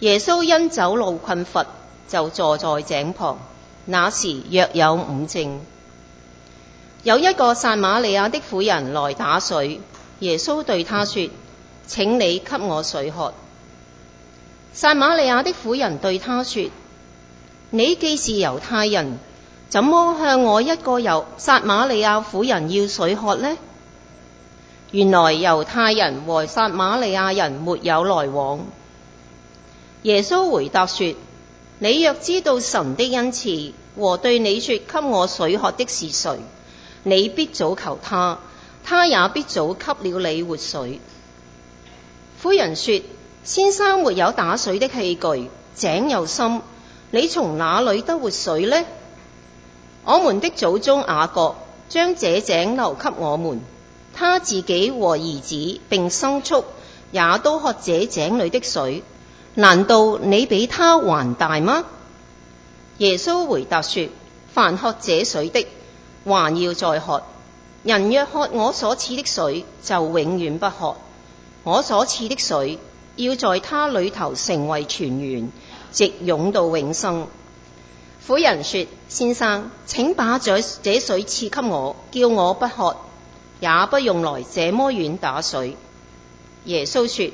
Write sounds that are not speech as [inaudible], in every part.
耶穌因走路困乏，就坐在井旁。那時約有午正，有一個撒瑪利亞的婦人來打水。耶穌對他說：「請你給我水喝。」撒瑪利亞的婦人對他說：「你既是猶太人，怎麼向我一個猶撒瑪利亞婦人要水喝呢？原來猶太人和撒瑪利亞人沒有來往。」耶穌回答說：你若知道神的恩賜和對你說給我水喝的是誰，你必早求他，他也必早給了你活水。婦人說：先生沒有打水的器具，井又深，你從哪裏得活水呢？我們的祖宗雅各將這井留給我們，他自己和兒子並牲畜也都喝這井裏的水。難道你比他還大嗎？耶穌回答說：凡喝這水的，還要再喝；人若喝我所賜的水，就永遠不喝。我所賜的水，要在他裏頭成為泉源，直湧到永生。婦人說：先生，請把這這水賜給我，叫我不喝，也不用來這麼遠打水。耶穌說。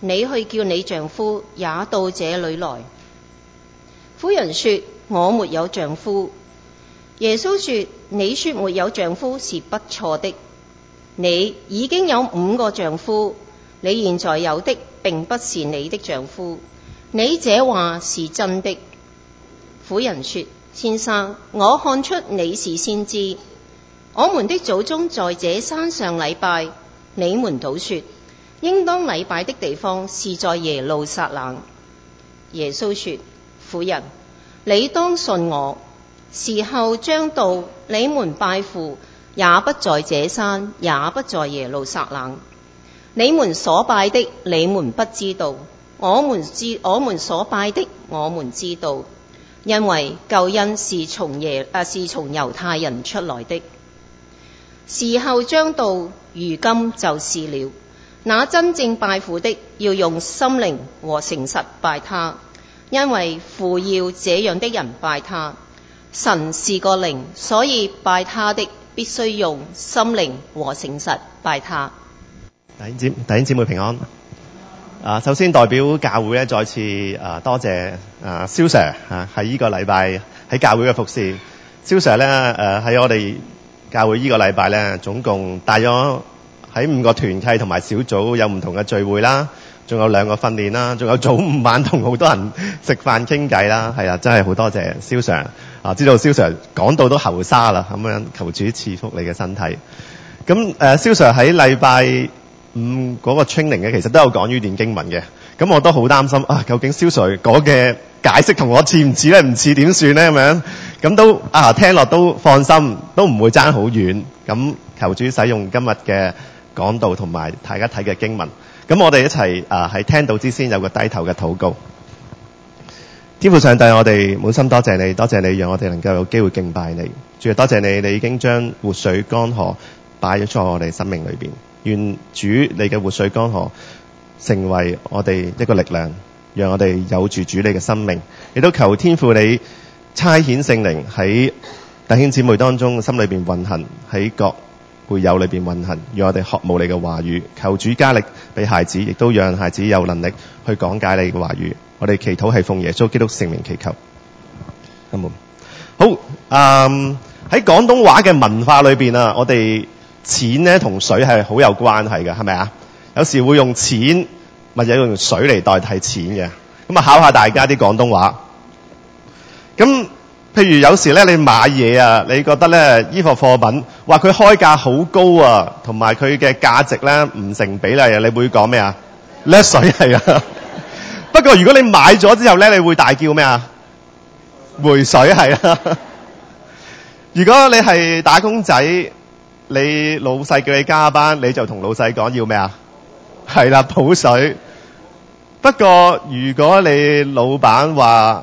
你去叫你丈夫也到這裏來。婦人說：我沒有丈夫。耶穌說：你說沒有丈夫是不錯的，你已經有五個丈夫，你現在有的並不是你的丈夫，你這話是真的。婦人說：先生，我看出你是先知，我們的祖宗在這山上禮拜，你們倒說。應當禮拜的地方是在耶路撒冷。耶穌說：婦人，你當信我，時候將到，你們拜父也不在這山，也不在耶路撒冷。你們所拜的，你們不知道；我們知，我們所拜的，我們知道，因為救恩是從耶，啊，是從猶太人出來的。時候將到，如今就是了。那真正拜父的，要用心靈和誠實拜他，因為父要這樣的人拜他。神是個靈，所以拜他的必須用心靈和誠實拜他。大英姐、大英姊妹平安。啊，首先代表教會咧，再次啊多謝啊蕭 Sir 啊，喺呢個禮拜喺教會嘅服侍。蕭 Sir 咧，誒喺我哋教會呢個禮拜咧，總共帶咗。喺五個團契同埋小組有唔同嘅聚會啦，仲有兩個訓練啦，仲有早午晚同好多人食飯傾偈啦，係啊，真係好多謝肖 sir 啊！知道肖 sir 講到都喉沙啦，咁樣求主賜福你嘅身體。咁誒、呃、肖 sir 喺禮拜五嗰個 training 嘅，其實都有講呢段經文嘅。咁我都好擔心啊，究竟肖 sir 嗰嘅解釋同我似唔似咧？唔似點算呢？咁樣咁都啊，聽落都放心，都唔會爭好遠。咁求主使用今日嘅。講道同埋大家睇嘅經文，咁我哋一齊啊喺聽到之先有個低頭嘅禱告。天父上帝，我哋滿心多謝你，多謝你讓我哋能夠有機會敬拜你。仲要多謝你，你已經將活水江河擺咗在我哋生命裏邊。願主你嘅活水江河成為我哋一個力量，讓我哋有住主你嘅生命。亦都求天父你差遣聖靈喺弟兄姊妹當中嘅心裏邊運行喺各。會有裏邊運行，讓我哋學慕你嘅話語。求主加力俾孩子，亦都讓孩子有能力去講解你嘅話語。我哋祈禱係奉耶穌基督聖名祈求。咁嗎好。嗯，喺廣東話嘅文化裏邊啊，我哋錢呢同水係好有關係嘅，係咪啊？有時會用錢，或者用水嚟代替錢嘅。咁啊，考下大家啲廣東話。咁。譬如有時咧，你買嘢啊，你覺得咧依個貨品話佢開價好高啊，同埋佢嘅價值咧唔成比例啊，你會講咩啊？掠水係啊。的 [laughs] 不過如果你買咗之後咧，你會大叫咩啊？水回水係啊。 [laughs] 如果你係打工仔，你老細叫你加班，你就同老細講要咩啊？係啦，補水。不過如果你老闆話，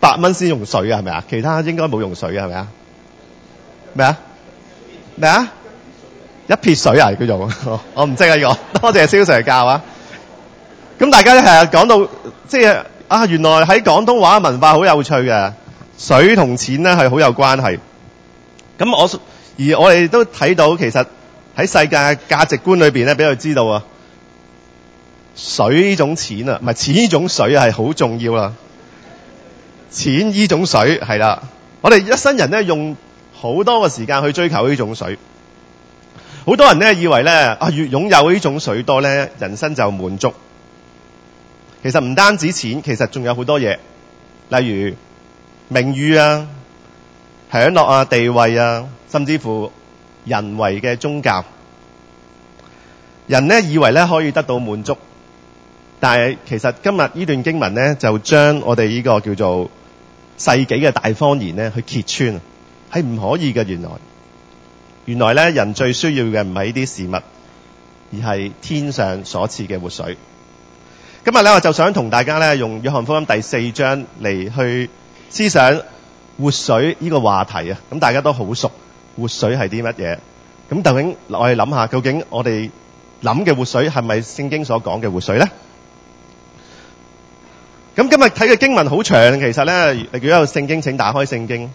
八蚊先用水啊，係咪啊？其他應該冇用水啊，係咪啊？咩啊麼？咩啊麼？一撇水啊，叫做 [laughs] 我唔識啊！呢、這個多謝蕭 Sir 教啊！咁大家咧係啊，講到即係啊，原來喺廣東話文化好有趣嘅，水同錢咧係好有關係。咁我而我哋都睇到，其實喺世界嘅價值觀裏邊咧，俾佢知道啊，水呢種錢啊，唔係錢呢種水係好重要啦。錢呢種水係啦，我哋一生人咧用好多嘅時間去追求呢種水。好多人咧以為咧啊，越擁有呢種水多咧，人生就滿足。其實唔單止錢，其實仲有好多嘢，例如名譽啊、享樂啊、地位啊，甚至乎人為嘅宗教。人咧以為咧可以得到滿足，但係其實今日呢段經文咧就將我哋呢個叫做。世紀嘅大方言咧，去揭穿係唔可以嘅。原來原來咧，人最需要嘅唔係呢啲事物，而係天上所賜嘅活水。今日咧我就想同大家咧，用約翰福音第四章嚟去思想活水呢個話題啊。咁大家都好熟，活水係啲乜嘢？咁究竟，我哋諗下，究竟我哋諗嘅活水係咪聖經所講嘅活水咧？咁今日睇嘅經文好長，其實咧，如果有聖經，請打開聖經，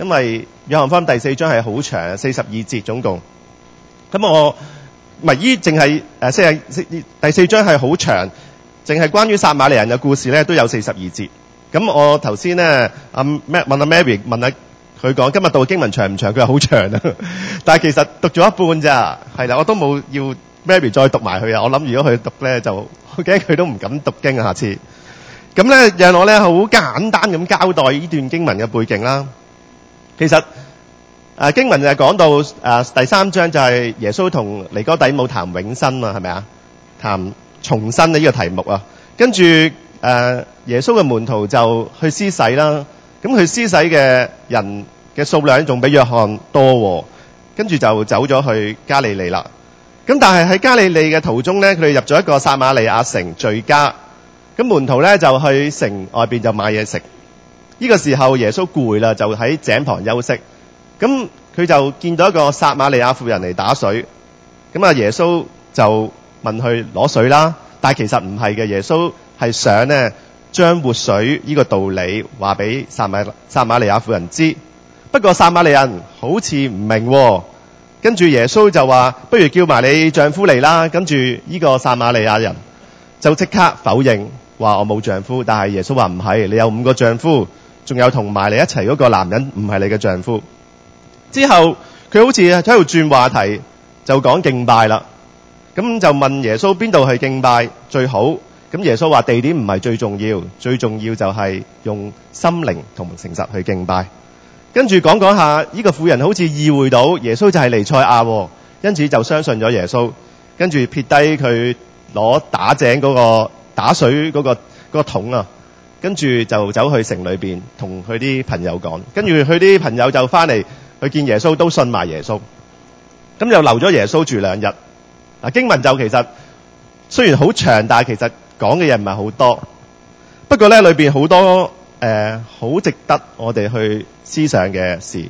因為約翰翻第四章係好長，四十二節總共。咁我唔係依，淨係誒四係四第四章係好長，淨係關於撒瑪利人嘅故事咧，都有四十二節。咁我頭先咧，阿 Matt 問阿 Mary 問下佢講，今日讀經文長唔長？佢話好長啊，但係其實讀咗一半咋，係啦，我都冇要 Mary 再讀埋佢啊。我諗如果佢讀咧，就我驚佢都唔敢讀經啊。下次。咁咧，讓我咧好簡單咁交代依段經文嘅背景啦。其實，誒經文就係講到誒第三章就係耶穌同尼哥底母談永生啊，係咪啊？談重生啊依個題目啊。跟住誒耶穌嘅門徒就去施洗啦。咁佢施洗嘅人嘅數量仲比約翰多，跟住就走咗去加利利啦。咁但係喺加利利嘅途中咧，佢哋入咗一個撒瑪利亞城敘加。咁門徒咧就去城外邊就買嘢食。呢個時候耶穌攰啦，就喺井旁休息。咁佢就見到一個撒瑪利亞婦人嚟打水。咁啊，耶穌就問佢攞水啦。但係其實唔係嘅，耶穌係想呢將活水呢個道理話俾撒瑪撒瑪利亞婦人知。不過撒瑪利人好似唔明喎。跟住耶穌就話：不如叫埋你丈夫嚟啦。跟住呢個撒瑪利亞人就即刻否認。話我冇丈夫，但係耶穌話唔係，你有五個丈夫，仲有同埋你一齊嗰個男人唔係你嘅丈夫。之後佢好似喺度轉話題，就講敬拜啦。咁就問耶穌邊度去敬拜最好？咁耶穌話地點唔係最重要，最重要就係用心靈同誠實去敬拜。跟住講講下呢個婦人好似意會到耶穌就係尼賽亞，因此就相信咗耶穌。跟住撇低佢攞打井嗰個打水嗰個個桶啊，跟住就走去城裏邊同佢啲朋友講，跟住佢啲朋友就翻嚟去見耶穌，都信埋耶穌，咁又留咗耶穌住兩日。啊經文就其實雖然好長，但係其實講嘅嘢唔係好多，不過咧裏邊好多誒好值得我哋去思想嘅事。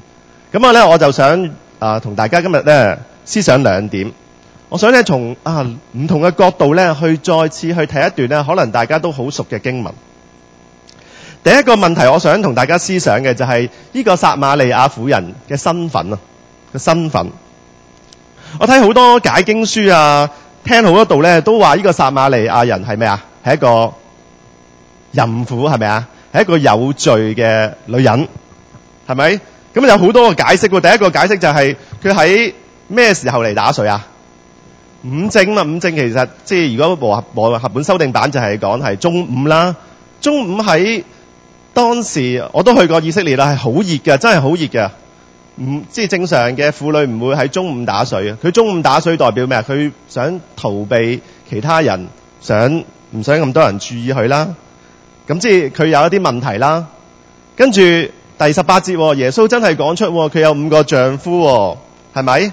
咁啊咧我就想啊同大家今日咧思想兩點。我想咧，從啊唔同嘅角度咧，去再次去睇一段咧，可能大家都好熟嘅經文。第一個問題，我想同大家思想嘅就係呢個撒瑪利亞婦人嘅身份啊，嘅身份。我睇好多解經書啊，聽好多度咧，都話呢個撒瑪利亞人係咩啊？係一個淫婦，係咪啊？係一個有罪嘅女人，係咪？咁有好多個解釋。第一個解釋就係佢喺咩時候嚟打水啊？午正啊，午正其實即係如果和合本修訂版就係講係中午啦。中午，喺當時我都去過以色列啦，係好熱噶，真係好熱噶，五即係正常嘅婦女唔會喺中午打水啊。佢中午打水代表咩啊？佢想逃避其他人，想唔想咁多人注意佢啦？咁即係佢有一啲問題啦。跟住第十八節，耶穌真係講出佢有五個丈夫，係咪？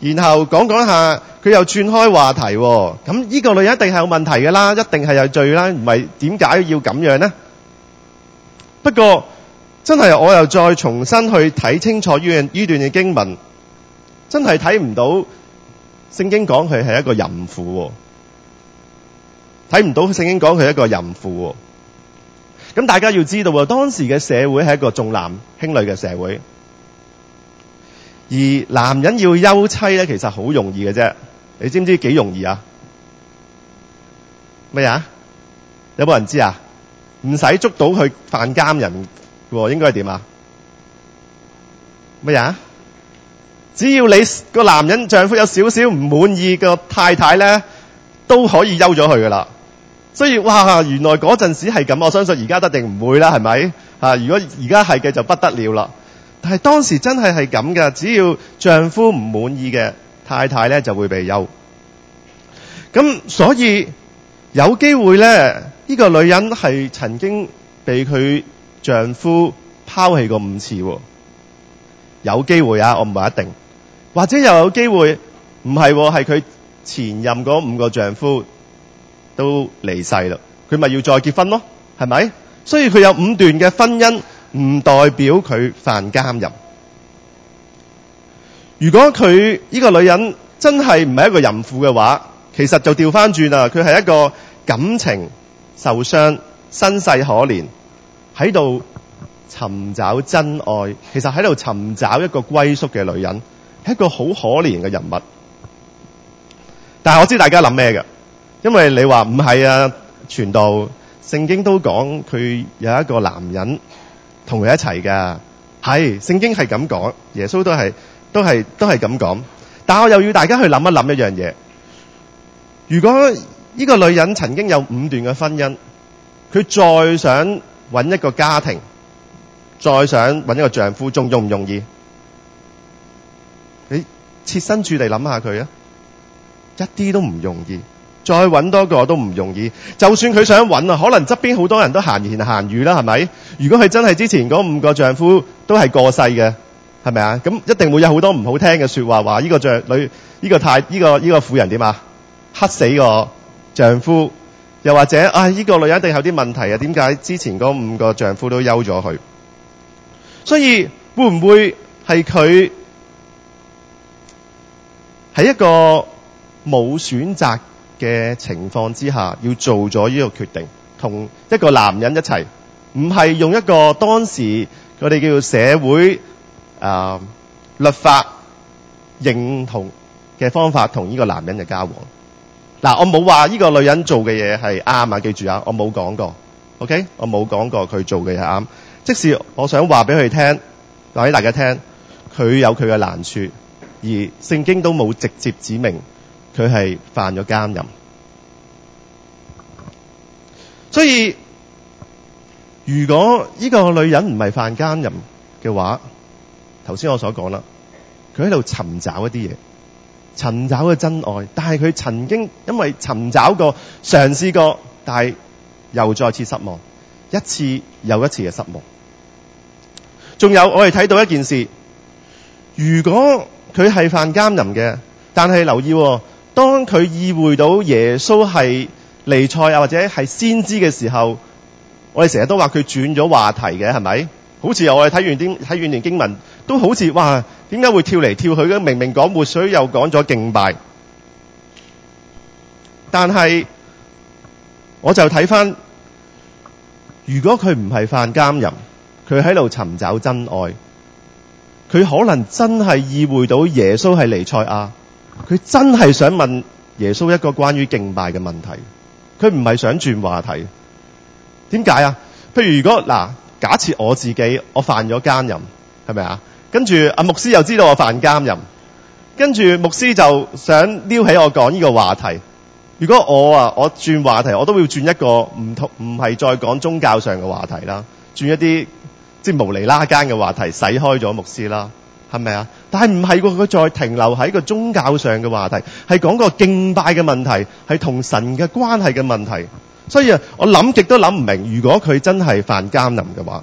然後講講下。佢又轉開話題喎，咁呢個女人一定係有問題㗎啦，一定係有罪啦，唔係點解要咁樣呢？不過真係，我又再重新去睇清楚呢段呢段嘅經文，真係睇唔到聖經講佢係一個淫婦喎，睇唔到聖經講佢係一個淫婦喎。咁大家要知道，當時嘅社會係一個重男輕女嘅社會。而男人要休妻咧，其實好容易嘅啫。你知唔知幾容易啊？咩啊？有冇人知啊？唔使捉到佢犯監人喎，應該係點啊？咩啊？只要你個男人丈夫有少少唔滿意個太太咧，都可以休咗佢噶啦。所以哇，原來嗰陣時係咁，我相信而家一定唔會啦，係咪？如果而家係嘅就不得了啦。但係當時真係係咁嘅，只要丈夫唔滿意嘅太太咧，就會被休。咁所以有機會咧，呢個女人係曾經被佢丈夫拋棄過五次。有機會啊，我唔話一定，或者又有機會唔係，係佢前任嗰五個丈夫都離世啦，佢咪要再結婚咯？係咪？所以佢有五段嘅婚姻。唔代表佢犯奸淫。如果佢呢、這個女人真係唔係一個淫婦嘅話，其實就調翻轉啦。佢係一個感情受傷、身世可憐，喺度尋找真愛，其實喺度尋找一個歸宿嘅女人，係一個好可憐嘅人物。但係我知大家諗咩嘅，因為你話唔係啊，傳道聖經都講佢有一個男人。同佢一齊噶，係，聖經係咁講，耶穌都係都係都係咁講。但我又要大家去諗一諗一樣嘢。如果呢個女人曾經有五段嘅婚姻，佢再想搵一個家庭，再想搵一個丈夫，仲容唔容易？你切身處地諗下佢啊，一啲都唔容易。再揾多個都唔容易。就算佢想揾啊，可能側邊好多人都閒言閒語啦，係咪？如果佢真係之前嗰五個丈夫都係過世嘅，係咪啊？咁一定會有好多唔好聽嘅說話，話呢個丈女、呢、呢個太、呢、呢個呢、呢個婦人點啊？黑死我丈夫，又或者啊，呢、哎呢個女人一定有啲問題啊？點解之前嗰五個丈夫都休咗佢？所以會唔會係佢係一個冇選擇嘅情況之下，要做咗呢個決定，同一個男人一齊，唔係用一個當時佢哋叫社會誒，呃，律法認同嘅方法同呢個男人嘅交往。嗱，我冇話呢個女人做嘅嘢係啱啊！記住啊，我冇講過，OK？我冇講過佢做嘅嘢係啱。即使我想話俾佢聽，話俾大家聽，佢有佢嘅難處，而聖經都冇直接指明。佢係犯咗奸淫，所以如果呢個女人唔係犯奸淫嘅話，頭先我所講啦，佢喺度尋找一啲嘢，尋找嘅真愛，但係佢曾經因為尋找過、嘗試過，但係又再次失望，一次又一次嘅失望。仲有我哋睇到一件事，如果佢係犯奸淫嘅，但係留意喎。當佢意會到耶穌係尼賽亞或者係先知嘅時候，我哋成日都話佢轉咗話題嘅，係咪？好似我哋睇完啲睇完段經文，都好似哇，點解會跳嚟跳去嘅？明明講活水，又講咗敬拜。但係我就睇翻，如果佢唔係犯奸淫，佢喺度尋找真愛，佢可能真係意會到耶穌係尼賽亞。佢真係想問耶穌一個關於敬拜嘅問題，佢唔係想轉話題，點解啊？譬如如果嗱，假設我自己我犯咗奸淫，係咪啊？跟住阿牧師又知道我犯奸淫，跟住牧師就想撩起我講呢個話題。如果我啊，我轉話題，我都會轉一個唔同唔係再講宗教上嘅話題啦，轉一啲即係無厘啦更嘅話題，使開咗牧師啦，係咪啊？但係唔係佢再停留喺個宗教上嘅話題，係講個敬拜嘅問題，係同神嘅關係嘅問題。所以啊，我諗極都諗唔明，如果佢真係犯奸淫嘅話，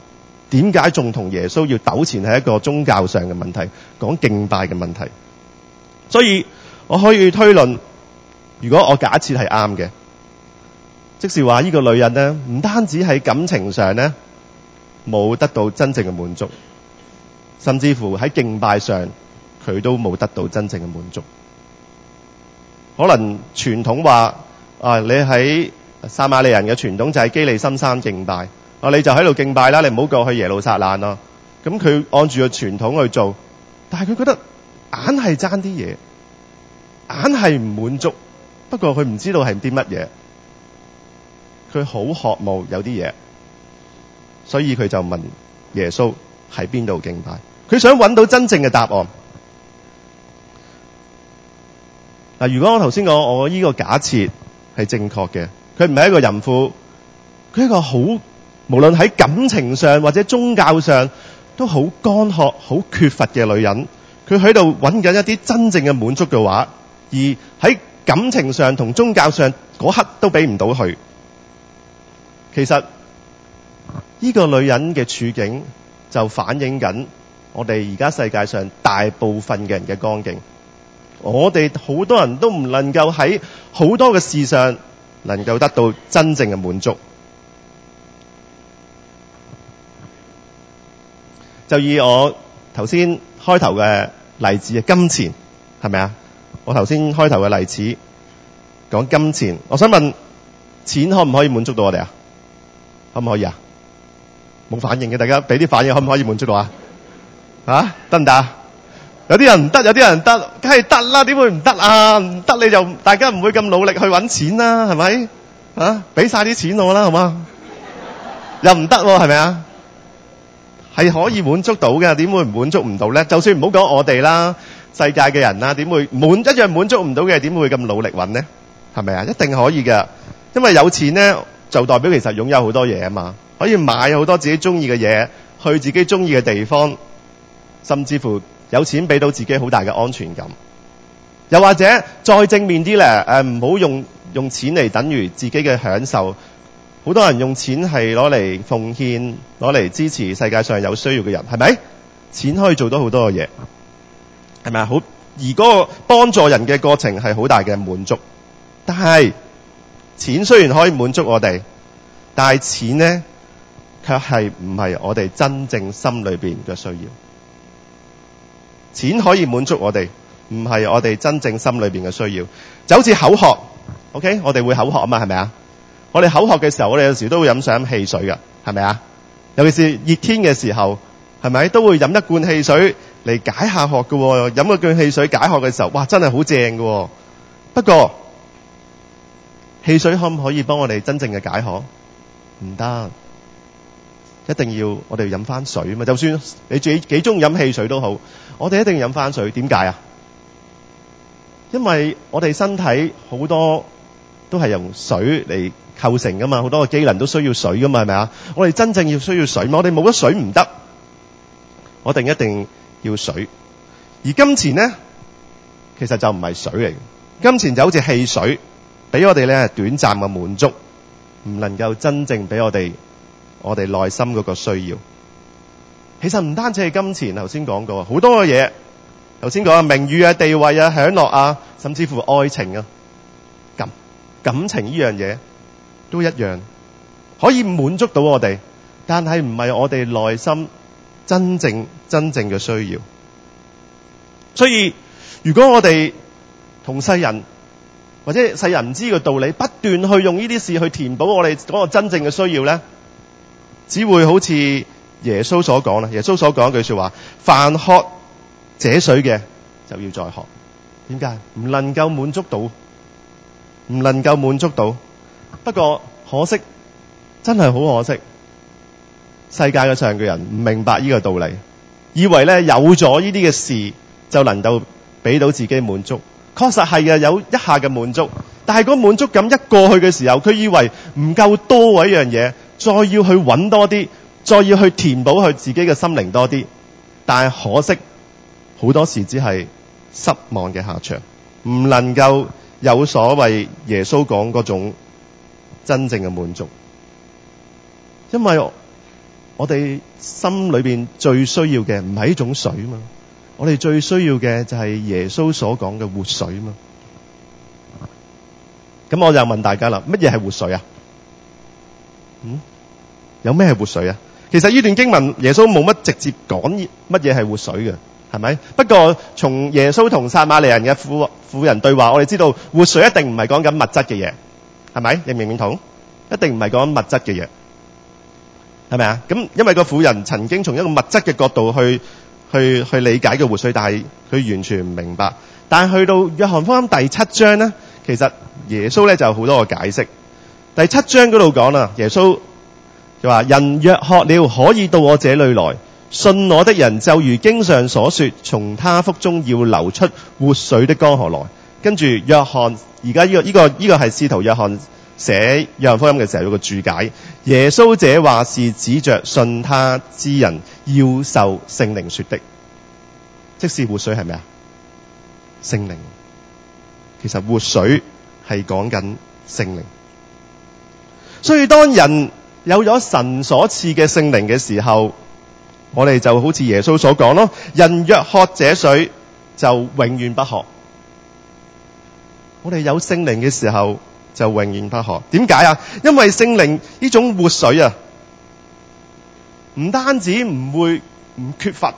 點解仲同耶穌要糾纏喺一個宗教上嘅問題，講敬拜嘅問題？所以我可以推論，如果我假設係啱嘅，即是話呢個女人呢，唔單止喺感情上呢，冇得到真正嘅滿足。甚至乎喺敬拜上，佢都冇得到真正嘅滿足。可能傳統話啊，你喺撒瑪利人嘅傳統就係基利心山敬拜，啊你就喺度敬拜啦，你唔好過去耶路撒冷咯。咁、嗯、佢按住個傳統去做，但係佢覺得硬係爭啲嘢，硬係唔滿足。不過佢唔知道係啲乜嘢，佢好渴望有啲嘢，所以佢就問耶穌。喺邊度敬拜？佢想揾到真正嘅答案嗱。如果我頭先講我呢個假設係正確嘅，佢唔係一個淫婦，佢係一個好，無論喺感情上或者宗教上都好乾渴、好缺乏嘅女人。佢喺度揾緊一啲真正嘅滿足嘅話，而喺感情上同宗教上嗰刻都俾唔到佢。其實呢個女人嘅處境，就反映緊我哋而家世界上大部分嘅人嘅光景，我哋好多人都唔能夠喺好多嘅事上能夠得到真正嘅滿足。就以我頭先開頭嘅例子啊，金錢，係咪啊？我頭先開頭嘅例子講金錢，我想問，錢可唔可以滿足到我哋啊？可唔可以啊？冇反應嘅，大家俾啲反應，可唔可以滿足到啊？啊，得唔得？有啲人唔得，有啲人得，梗係得啦。點會唔得啊？唔得你就大家唔會咁努力去揾錢啦，係咪？啊，俾曬啲錢我啦，好嗎？又唔得喎，係咪啊？係可以滿足到嘅，點會滿足唔到咧？就算唔好講我哋啦，世界嘅人啦，點會滿一樣滿足唔到嘅？點會咁努力揾呢？係咪啊？一定可以嘅，因為有錢咧就代表其實擁有好多嘢啊嘛。可以買好多自己中意嘅嘢，去自己中意嘅地方，甚至乎有錢俾到自己好大嘅安全感。又或者再正面啲咧，呃、唔好用用錢嚟等於自己嘅享受。好多人用錢係攞嚟奉獻、攞嚟支持世界上有需要嘅人，係咪？錢可以做到好多嘅嘢，係咪？好，而嗰個幫助人嘅過程係好大嘅滿足。但係錢雖然可以滿足我哋，但係錢呢。卻係唔係我哋真正心裏邊嘅需要。錢可以滿足我哋，唔係我哋真正心裏邊嘅需要。就好似口渴，OK，我哋會口渴啊嘛，係咪啊？我哋口渴嘅時候，我哋有時都會飲上汽水噶，係咪啊？尤其是熱天嘅時候，係咪都會飲一罐汽水嚟解下渴噶？飲嗰罐汽水解渴嘅時候，哇，真係好正噶哦！不過汽水可唔可以幫我哋真正嘅解渴？唔得。一定要我哋飲翻水啊嘛！就算你自己幾中飲汽水都好，我哋一定要飲翻水。點解啊？因為我哋身體好多都係用水嚟構成噶嘛，好多個機能都需要水噶嘛，係咪啊？我哋真正要需要水嘛，我哋冇咗水唔得。我哋一定要水。而金錢咧，其實就唔係水嚟。金錢就好似汽水，俾我哋咧短暫嘅滿足，唔能夠真正俾我哋。我哋內心嗰個需要，其實唔單止係金錢剛才說。頭先講過好多嘅嘢，頭先講嘅名譽啊、地位啊、享樂啊，甚至乎愛情啊，感感情，呢樣嘢都一樣可以滿足到我哋，但係唔係我哋內心真正真正嘅需要。所以，如果我哋同世人或者世人唔知嘅道理，不斷去用呢啲事去填補我哋嗰個真正嘅需要咧。只會好似耶穌所講啦，耶穌所講一句說話：飯喝者水嘅就要再渴。點解？唔能夠滿足到，唔能夠滿足到。不過可惜，真係好可惜。世界嘅上嘅人唔明白呢個道理，以為咧有咗呢啲嘅事就能夠俾到自己滿足。確實係嘅，有一下嘅滿足，但係嗰滿足感一過去嘅時候，佢以為唔夠多喎，一樣嘢，再要去揾多啲，再要去填補佢自己嘅心靈多啲，但係可惜，好多時只係失望嘅下場，唔能夠有所謂耶穌講嗰種真正嘅滿足，因為我哋心裏邊最需要嘅唔係一種水嘛，我哋最需要嘅就係耶穌所講嘅活水嘛。咁我就問大家啦，乜嘢係活水啊？嗯，有咩係活水啊？其實呢段經文耶穌冇乜直接講乜嘢係活水嘅，係咪？不過從耶穌同撒馬利亞人嘅婦婦人對話，我哋知道活水一定唔係講緊物質嘅嘢，係咪？你明唔明同？一定唔係講緊物質嘅嘢，係咪啊？咁因為個婦人曾經從一個物質嘅角度去去去理解嘅活水，但係佢完全唔明白。但係去到約翰福音第七章呢，其實耶穌呢就有好多個解釋。第七章嗰度講啦，耶穌就話：人若渴了，可以到我這裏來；信我的人，就如經上所說，從他腹中要流出活水的江河來。跟住約翰，而家呢個呢個呢個係使徒約翰寫約翰福音嘅時候有個注解。耶穌這話是指着信他之人要受聖靈說的，即是活水係咩啊？聖靈，其實活水係講緊聖靈。所以，當人有咗神所賜嘅聖靈嘅時候，我哋就好似耶穌所講咯。人若喝這水，就永遠不渴。我哋有聖靈嘅時候就永遠不渴。點解啊？因為聖靈呢種活水啊，唔單止唔會唔缺乏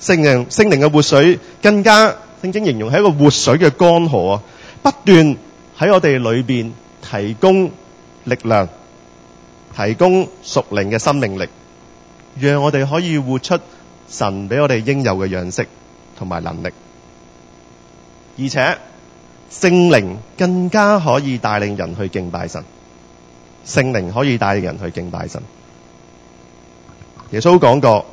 聖靈，聖靈嘅活水，更加聖經形容係一個活水嘅江河啊，不斷喺我哋裏邊，提供力量，提供屬靈嘅生命力，讓我哋可以活出神畀我哋應有嘅樣式同埋能力。而且聖靈更加可以帶領人去敬拜神，聖靈可以帶領人去敬拜神。耶穌講過，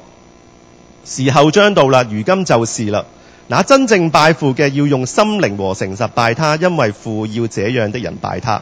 時候將到啦，如今就是啦。嗱，真正拜父嘅要用心靈和誠實拜他，因為父要這樣的人拜他。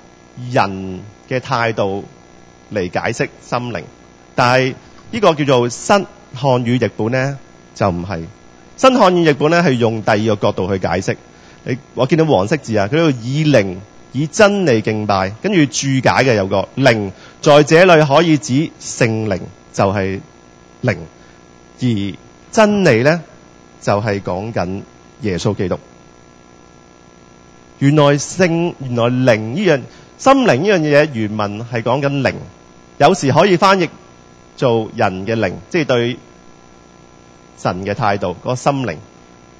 人嘅態度嚟解釋心靈，但係呢個叫做新漢語譯本咧，就唔係新漢語譯本咧，係用第二個角度去解釋。你我見到黃色字啊，佢喺度以靈以真理敬拜，跟住註解嘅有一個靈，在這裡可以指聖靈，就係、是、靈，而真理咧就係、是、講緊耶穌基督。原來聖，原來靈呢樣。心靈呢樣嘢，原文係講緊靈，有時可以翻譯做人嘅靈、就是那個，即係對神嘅態度，個心靈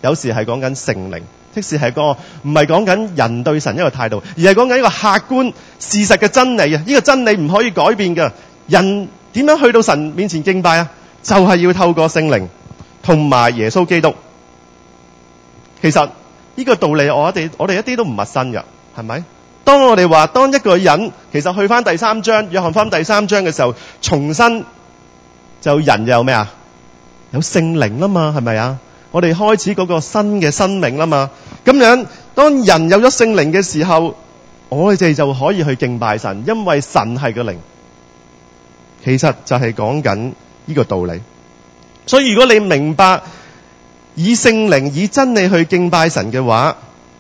有時係講緊聖靈，即使係個唔係講緊人對神一個態度，而係講緊一個客觀事實嘅真理啊！呢、這個真理唔可以改變噶，人點樣去到神面前敬拜啊？就係、是、要透過聖靈同埋耶穌基督。其實呢、這個道理我哋我哋一啲都唔陌生噶，係咪？當我哋話，當一個人其實去翻第三章，約翰翻第三章嘅時候，重新就人有咩啊？有聖靈啦嘛，係咪啊？我哋開始嗰個新嘅生命啦嘛。咁樣，當人有咗聖靈嘅時候，我哋就就可以去敬拜神，因為神係個靈。其實就係講緊呢個道理。所以如果你明白以聖靈以真理去敬拜神嘅話，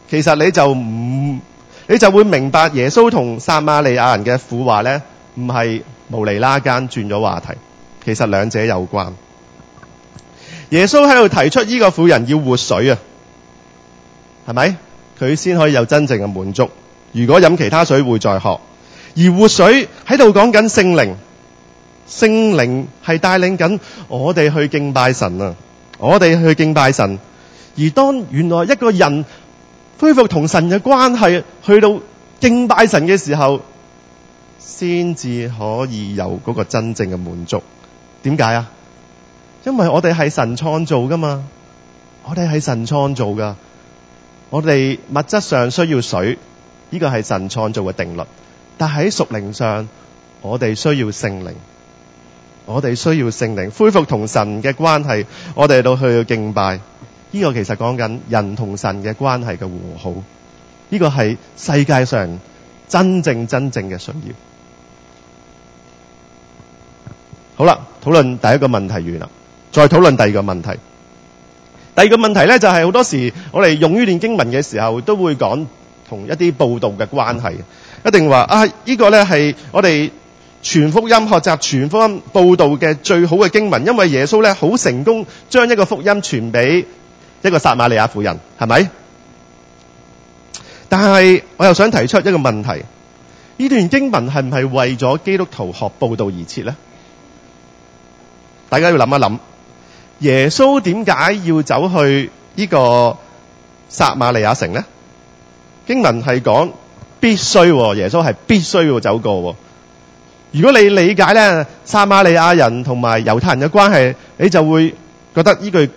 其實你就唔。你就會明白耶穌同撒馬利亞人嘅苦話呢，唔係無厘啦間轉咗話題，其實兩者有關。耶穌喺度提出呢個婦人要活水啊，係咪佢先可以有真正嘅滿足？如果飲其他水會再渴，而活水喺度講緊聖靈，聖靈係帶領緊我哋去敬拜神啊，我哋去敬拜神。而當原來一個人恢復同神嘅關係，去到敬拜神嘅時候，先至可以有嗰個真正嘅滿足。點解啊？因為我哋係神創造噶嘛，我哋係神創造噶。我哋物質上需要水，呢個係神創造嘅定律。但喺屬靈上，我哋需要聖靈，我哋需要聖靈。恢復同神嘅關係，我哋到去到敬拜。呢個其實講緊人同神嘅關係嘅和好，呢、這個係世界上真正真正嘅需要。好啦，討論第一個問題完啦，再討論第二個問題。第二個問題呢、就是，就係好多時我哋用於念經文嘅時候，都會講同一啲報道嘅關係，一定話啊呢、這個呢，係我哋傳福音、學習傳福音、報道嘅最好嘅經文，因為耶穌呢，好成功將一個福音傳俾。一個撒瑪利亞婦人，係咪？但係我又想提出一個問題：呢段經文係唔係為咗基督徒學報道而設呢？大家要諗一諗，耶穌點解要走去呢個撒瑪利亞城呢？經文係講必須，耶穌係必須要走過。如果你理解咧撒瑪利亞人同埋猶太人嘅關係，你就會覺得呢句。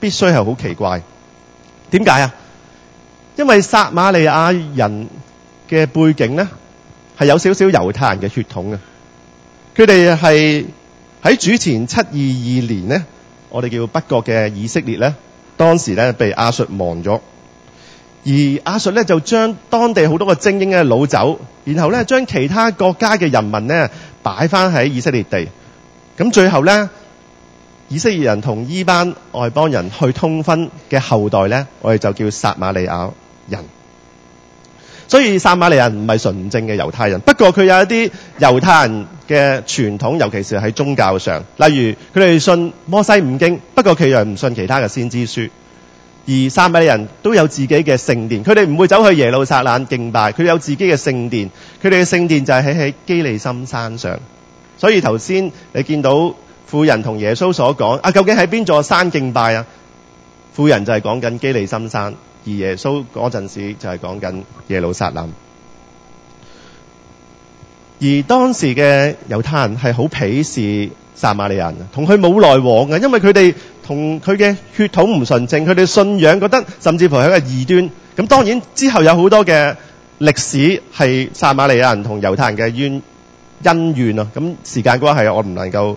必須係好奇怪，點解啊？因為撒瑪利亞人嘅背景呢，係有少少猶太人嘅血統嘅。佢哋係喺主前七二二年呢，我哋叫北國嘅以色列呢，當時呢被亞述亡咗，而亞述呢，就將當地好多個精英呢攞走，然後呢將其他國家嘅人民呢擺翻喺以色列地，咁最後呢。以色列人同呢班外邦人去通婚嘅後代咧，我哋就叫撒瑪利亞人。所以撒瑪利亞人唔係純正嘅猶太人，不過佢有一啲猶太人嘅傳統，尤其是喺宗教上，例如佢哋信摩西五經，不過佢又唔信其他嘅先知書。而撒瑪利亞人都有自己嘅聖殿，佢哋唔會走去耶路撒冷敬拜，佢有自己嘅聖殿，佢哋嘅聖殿就係喺喺基利心山上。所以頭先你見到。婦人同耶穌所講啊，究竟喺邊座山敬拜啊？婦人就係講緊基利心山，而耶穌嗰陣時就係講緊耶路撒冷。而當時嘅猶太人係好鄙視撒瑪利人，同佢冇來往嘅，因為佢哋同佢嘅血統唔純正，佢哋信仰覺得甚至乎係一個異端。咁當然之後有好多嘅歷史係撒瑪利亞人同猶太人嘅怨恩怨啊。咁時間關係，我唔能夠。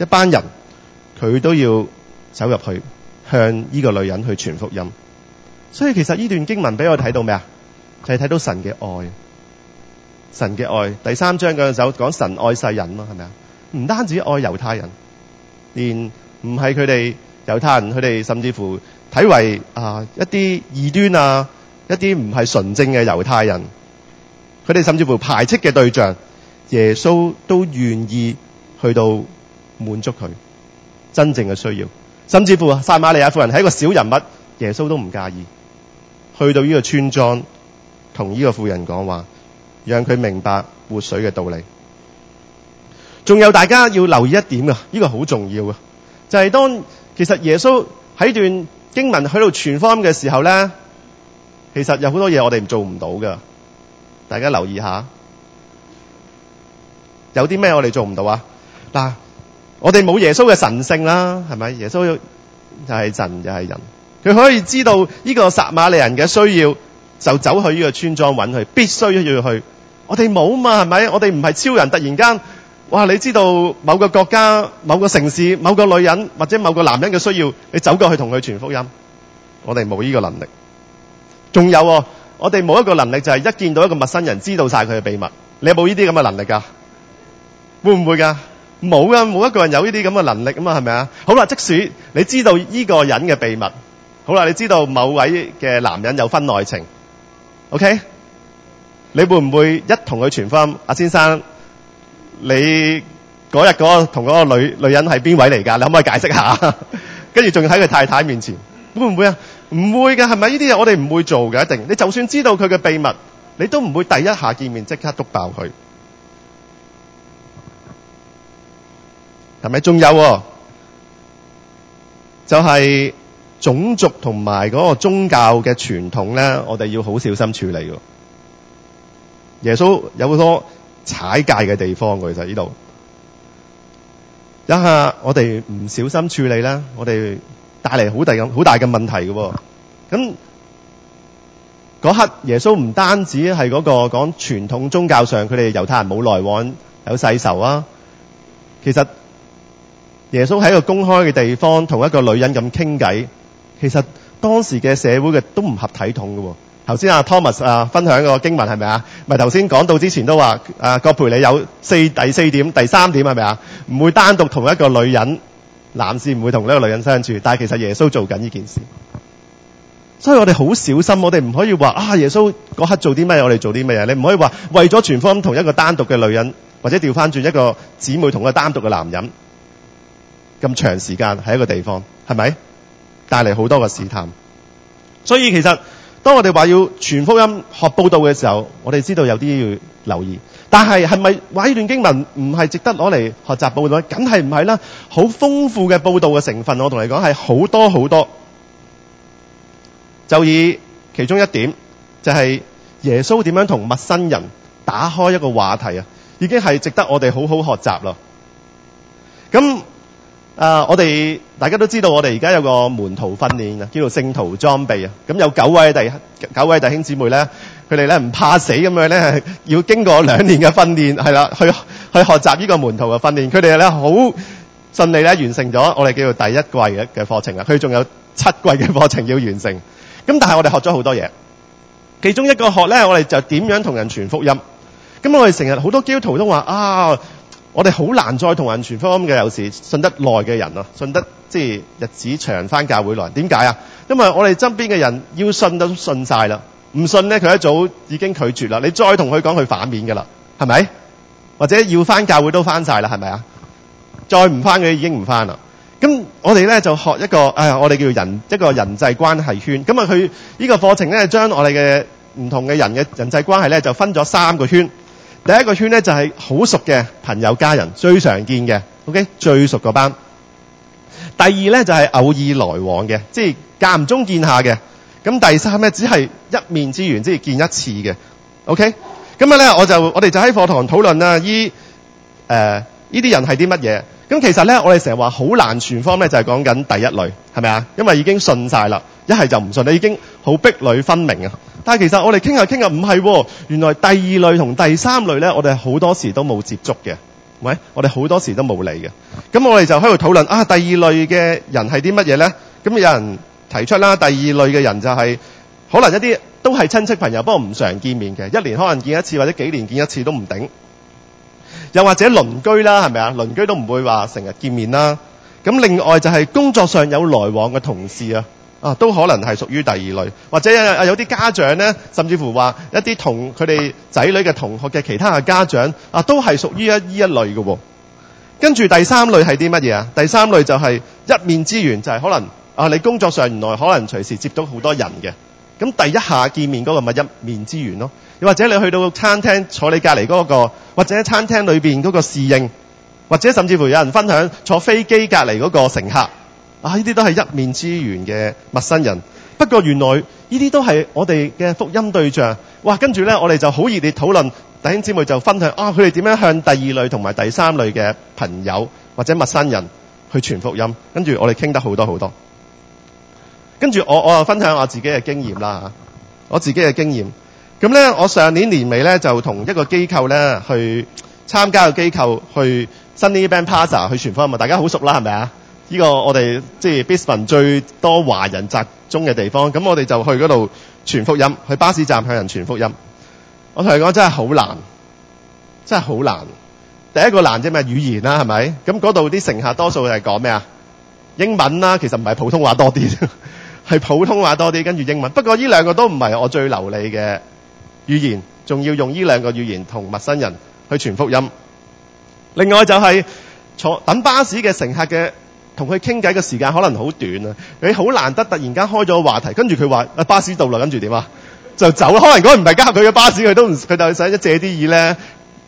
一班人，佢都要走入去向呢個女人去傳福音。所以其實呢段經文俾我睇到咩啊？就係、是、睇到神嘅愛，神嘅愛。第三章嗰陣時候講神愛世人咯，係咪啊？唔單止愛猶太人，連唔係佢哋猶太人，佢哋甚至乎睇為啊、呃、一啲異端啊，一啲唔係純正嘅猶太人，佢哋甚至乎排斥嘅對象，耶穌都願意去到。滿足佢真正嘅需要，甚至乎撒馬利亞婦人係一個小人物，耶穌都唔介意，去到呢個村莊同呢個婦人講話，讓佢明白活水嘅道理。仲有大家要留意一點啊，呢、這個好重要啊，就係、是、當其實耶穌喺段經文喺度傳福音嘅時候咧，其實有好多嘢我哋做唔到噶，大家留意下，有啲咩我哋做唔到啊？嗱。我哋冇耶穌嘅神性啦，係咪？耶穌又係神，又係人，佢可以知道呢個撒瑪利人嘅需要，就走去呢個村莊揾佢，必須要去。我哋冇嘛，係咪？我哋唔係超人，突然間，哇！你知道某個國家、某個城市、某個女人或者某個男人嘅需要，你走過去同佢傳福音。我哋冇呢個能力。仲有喎，我哋冇一個能力就係一見到一個陌生人知道晒佢嘅秘密。你有冇呢啲咁嘅能力噶？會唔會噶？冇啊，冇一個人有呢啲咁嘅能力啊嘛，係咪啊？好啦，即使你知道呢個人嘅秘密，好啦，你知道某位嘅男人有婚內情，OK？你會唔會一同佢傳婚？阿先生，你嗰日嗰個同嗰個女女人係邊位嚟㗎？你可唔可以解釋下？跟住仲要喺佢太太面前，會唔會啊？唔會嘅，係咪？呢啲嘢我哋唔會做嘅一定。你就算知道佢嘅秘密，你都唔會第一下見面即刻篤爆佢。係咪仲有？就係種族同埋嗰個宗教嘅傳統咧，我哋要好小心處理喎。耶穌有好多踩界嘅地方，其實呢度一下我哋唔小心處理咧，我哋帶嚟好大嘅好大嘅問題嘅。咁嗰刻耶穌唔單止係嗰個講傳統宗教上，佢哋猶太人冇來往，有世仇啊，其實。耶穌喺一個公開嘅地方，同一個女人咁傾偈。其實當時嘅社會嘅都唔合體統嘅。頭先阿 Thomas 啊，分享個經文係咪啊？咪頭先講到之前都話啊，郭培你有四第四點，第三點係咪啊？唔會單獨同一個女人，男士唔會同呢個女人相處。但係其實耶穌做緊呢件事，所以我哋好小心，我哋唔可以話啊。耶穌嗰刻做啲乜，我哋做啲乜嘢？你唔可以話為咗全方同一個單獨嘅女人，或者調翻轉一個姊妹同一個單獨嘅男人。咁長時間喺一個地方，係咪帶嚟好多個試探？所以其實當我哋話要傳福音、學報道嘅時候，我哋知道有啲要留意。但係係咪話呢段經文唔係值得攞嚟學習報道？梗係唔係啦！好豐富嘅報道嘅成分，我同你講係好多好多。就以其中一點，就係耶穌點樣同陌生人打開一個話題啊，已經係值得我哋好好學習咯。咁。啊！我哋大家都知道，我哋而家有個門徒訓練啊，叫做聖徒裝備啊。咁有九位弟九位弟兄姊妹呢，佢哋呢唔怕死咁樣呢要經過兩年嘅訓練，係啦，去去學習呢個門徒嘅訓練。佢哋呢好順利呢完成咗我哋叫做第一季嘅嘅課程啊。佢仲有七季嘅課程要完成。咁但係我哋學咗好多嘢，其中一個學呢，我哋就點樣同人傳福音。咁我哋成日好多基督徒都話啊～我哋好難再同人傳福音嘅，有時信得耐嘅人啊，信得即係日子長翻教會來。點解啊？因為我哋身邊嘅人要信都信晒啦，唔信咧佢一早已經拒絕啦。你再同佢講，佢反面㗎啦，係咪？或者要翻教會都翻晒啦，係咪啊？再唔翻嘅已經唔翻啦。咁我哋咧就學一個，誒、哎、我哋叫人一個人際關係圈。咁啊，佢呢個課程咧將我哋嘅唔同嘅人嘅人際關係咧就分咗三個圈。第一個圈呢，就係、是、好熟嘅朋友、家人，最常見嘅，OK 最熟嗰班。第二呢，就係、是、偶爾來往嘅，即係間唔中見下嘅。咁第三呢，只係一面之緣，即係見一次嘅，OK。咁啊呢，我就我哋就喺課堂討論啦，依誒依啲人係啲乜嘢？咁其實呢，我哋成日話好難傳福音，呢就係講緊第一類係咪啊？因為已經信晒啦。一係就唔信，你已經好壁壘分明啊！但係其實我哋傾下傾下唔係喎，原來第二類同第三類呢，我哋好多時都冇接觸嘅。喂，我哋好多時都冇嚟嘅。咁我哋就喺度討論啊，第二類嘅人係啲乜嘢呢？咁有人提出啦，第二類嘅人就係、是、可能一啲都係親戚朋友，不過唔常見面嘅，一年可能見一次或者幾年見一次都唔頂。又或者鄰居啦，係咪啊？鄰居都唔會話成日見面啦。咁另外就係工作上有來往嘅同事啊。啊，都可能係屬於第二類，或者有啲家長呢，甚至乎話一啲同佢哋仔女嘅同學嘅其他嘅家長啊，都係屬於一呢一類嘅喎、哦。跟住第三類係啲乜嘢啊？第三類就係一面之緣，就係、是、可能啊，你工作上原來可能隨時接到好多人嘅，咁第一下見面嗰個咪一面之緣咯、哦。又或者你去到餐廳坐你隔離嗰個，或者餐廳裏面嗰個侍應，或者甚至乎有人分享坐飛機隔離嗰個乘客。啊！呢啲都係一面之緣嘅陌生人。不過原來呢啲都係我哋嘅福音對象。哇！跟住呢，我哋就好熱烈討論。弟兄姊妹就分享啊，佢哋點樣向第二類同埋第三類嘅朋友或者陌生人去傳福音？跟住我哋傾得好多好多。跟住我我又分享我自己嘅經驗啦。我自己嘅經驗。咁呢，我上年年尾呢，就同一個機構呢，去參加個機構去新呢班 Band Plaza 去傳福音。大家好熟啦，係咪啊？呢個我哋即係 b i s h m n、bon、最多華人集中嘅地方，咁我哋就去嗰度傳福音。去巴士站向人傳福音，我同你講真係好難，真係好難。第一個難啫咩語言啦，係咪咁嗰度啲乘客多數係講咩啊？英文啦，其實唔係普通話多啲，係普通話多啲，跟住英文。不過呢兩個都唔係我最流利嘅語言，仲要用呢兩個語言同陌生人去傳福音。另外就係、是、坐等巴士嘅乘客嘅。同佢傾偈嘅時間可能好短啊！你好難得突然間開咗個話題，跟住佢話啊巴士到啦，跟住點啊？就走啦。可能嗰唔係加佢嘅巴士，佢都唔，佢就想借啲意咧，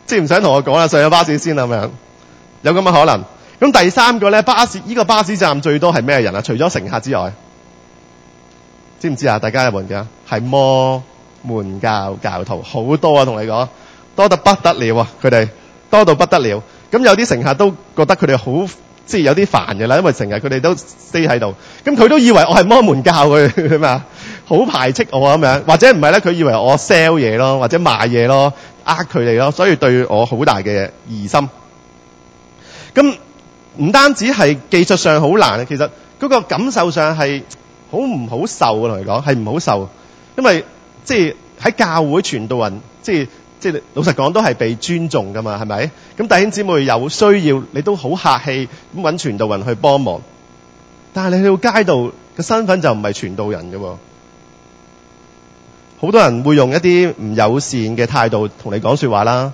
即係唔想同我講啦，上咗巴士先啦咁樣。有咁嘅可能。咁第三個咧，巴士依個巴士站最多係咩人啊？除咗乘客之外，知唔知啊？大家有冇印象？係摩門教教徒。好多啊，同你講多得不得了啊！佢哋多到不得了。咁有啲乘客都覺得佢哋好。即係有啲煩嘅啦，因為成日佢哋都 stay 喺度，咁佢都以為我係摩門教佢啊嘛，好 [laughs] 排斥我咁樣，或者唔係咧，佢以為我 sell 嘢咯，或者賣嘢咯，呃佢哋咯，所以對我好大嘅疑心。咁唔單止係技術上好難啊，其實嗰個感受上係好唔好受嘅同嚟講，係唔好受，因為即係喺教會傳道人，即係即係老實講都係被尊重㗎嘛，係咪？咁弟兄姊妹有需要，你都好客氣咁揾傳道人去幫忙。但係你去到街度嘅身份就唔係傳道人嘅喎、哦，好多人會用一啲唔友善嘅態度同你講說話啦，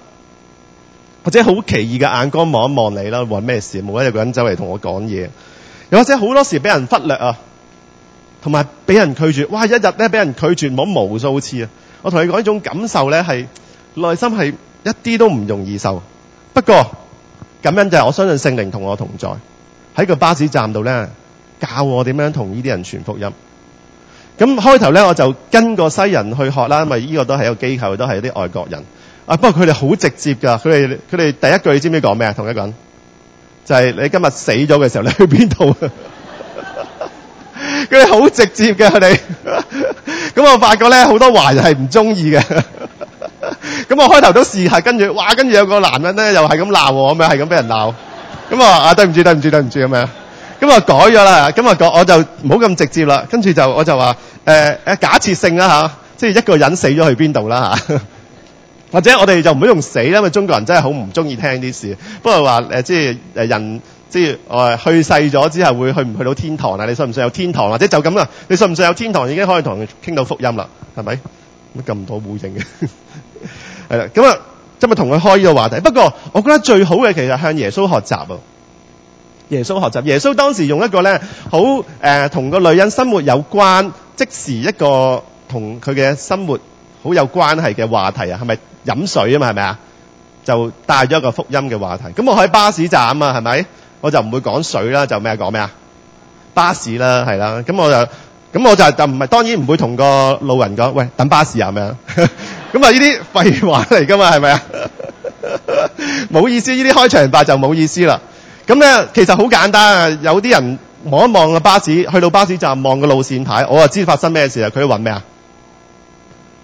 或者好奇異嘅眼光望一望你啦，話咩事？冇一日個人走嚟同我講嘢，又或者好多時俾人忽略啊，同埋俾人拒絕。哇！一日咧俾人拒絕冇無數次啊。我同你講一種感受咧，係內心係一啲都唔容易受。不過咁樣就係，我相信聖靈同我同在，喺個巴士站度咧，教我點樣同呢啲人傳福音。咁開頭咧，我就跟個西人去學啦，因為呢個都係一個機構，都係啲外國人。啊，不過佢哋好直接噶佢哋佢哋第一句你知唔知講咩啊？同一個人就係，你今日死咗嘅時候你去邊度？佢哋好直接嘅佢哋。咁 [laughs] 我發覺咧，好多華人係唔中意嘅。咁我開頭都試下，跟住，哇！跟住有個男人咧，又係咁鬧我，咁樣係咁俾人鬧。咁 [laughs] 啊，啊對唔住，對唔住，對唔住咁樣。咁啊改咗啦，咁啊我我就唔好咁直接啦。跟住就我就話、呃，假設性啦、啊、即係一個人死咗去邊度啦或者我哋就唔好用死啦，因為中國人真係好唔中意聽啲事。不過話即係人，即係、呃、去世咗之後會去唔去到天堂啊？你信唔信有天堂？或者就咁啦，你信唔信有天堂已經可以同佢傾到福音啦？係咪？咁多呼應嘅。 [laughs] 係啦，咁啊，今日同佢開呢個話題。不過我覺得最好嘅其實係向耶穌學習哦、啊，耶穌學習。耶穌當時用一個咧好誒，同個女人生活有關，即時一個同佢嘅生活好有關係嘅話題啊，係咪飲水啊嘛，係咪啊？就帶咗一個福音嘅話題。咁我喺巴士站啊嘛，係咪？我就唔會講水啦，就咩啊講咩啊？巴士啦，係啦。咁我就，咁我就就唔係，當然唔會同個路人講喂，等巴士啊，係咪啊。 [laughs] 咁啊！呢啲廢話嚟噶嘛，係咪啊？冇 [laughs] 意思，呢啲開場白就冇意思啦。咁咧，其實好簡單。有啲人望一望個巴士，去到巴士站望個路線牌，我就知發生咩事啊。佢搵咩啊？